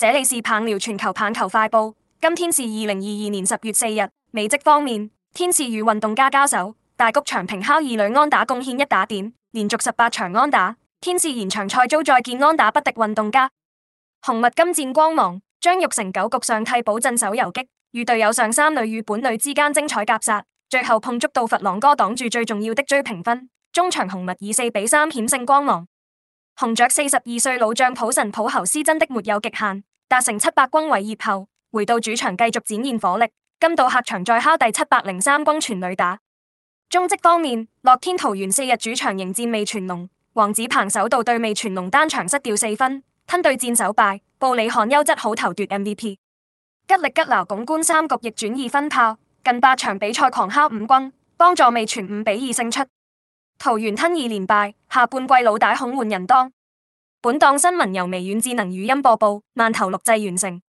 這裏是棒聊全球棒球快報，今天是二零二二年十月四日。美職方面，天使與運動家交手，大谷翔平敲二壘安打貢獻一打點，連續十八場安打。天使延長賽遭再見安打不敵運動家。紅襪今戰光芒，張玉成九局上替補鎮守游擊，與隊友上三壘與本壘之間精彩夾殺，最後碰觸到佛朗哥擋住最重要的追平分，中場紅襪以四比三險勝光芒。紅雀四十二歲老將普神普侯斯真的沒有極限，達成七百轟偉業後，回到主場繼續展現火力。今度客場再敲第七百零三轟全壘打。中職方面，樂天桃園四日主場迎戰味全龍，黃子鵬首度對味全龍單場失掉四分，吞對戰首敗。布里漢優質好投奪 MVP。吉力吉撈鞏冠三局逆轉二分炮，近八場比賽狂敲五轟，幫助味全五比二勝出。桃園吞二連敗，下半季老大恐換人當。本檔新聞由微軟智能語音播報，饅頭錄製完成。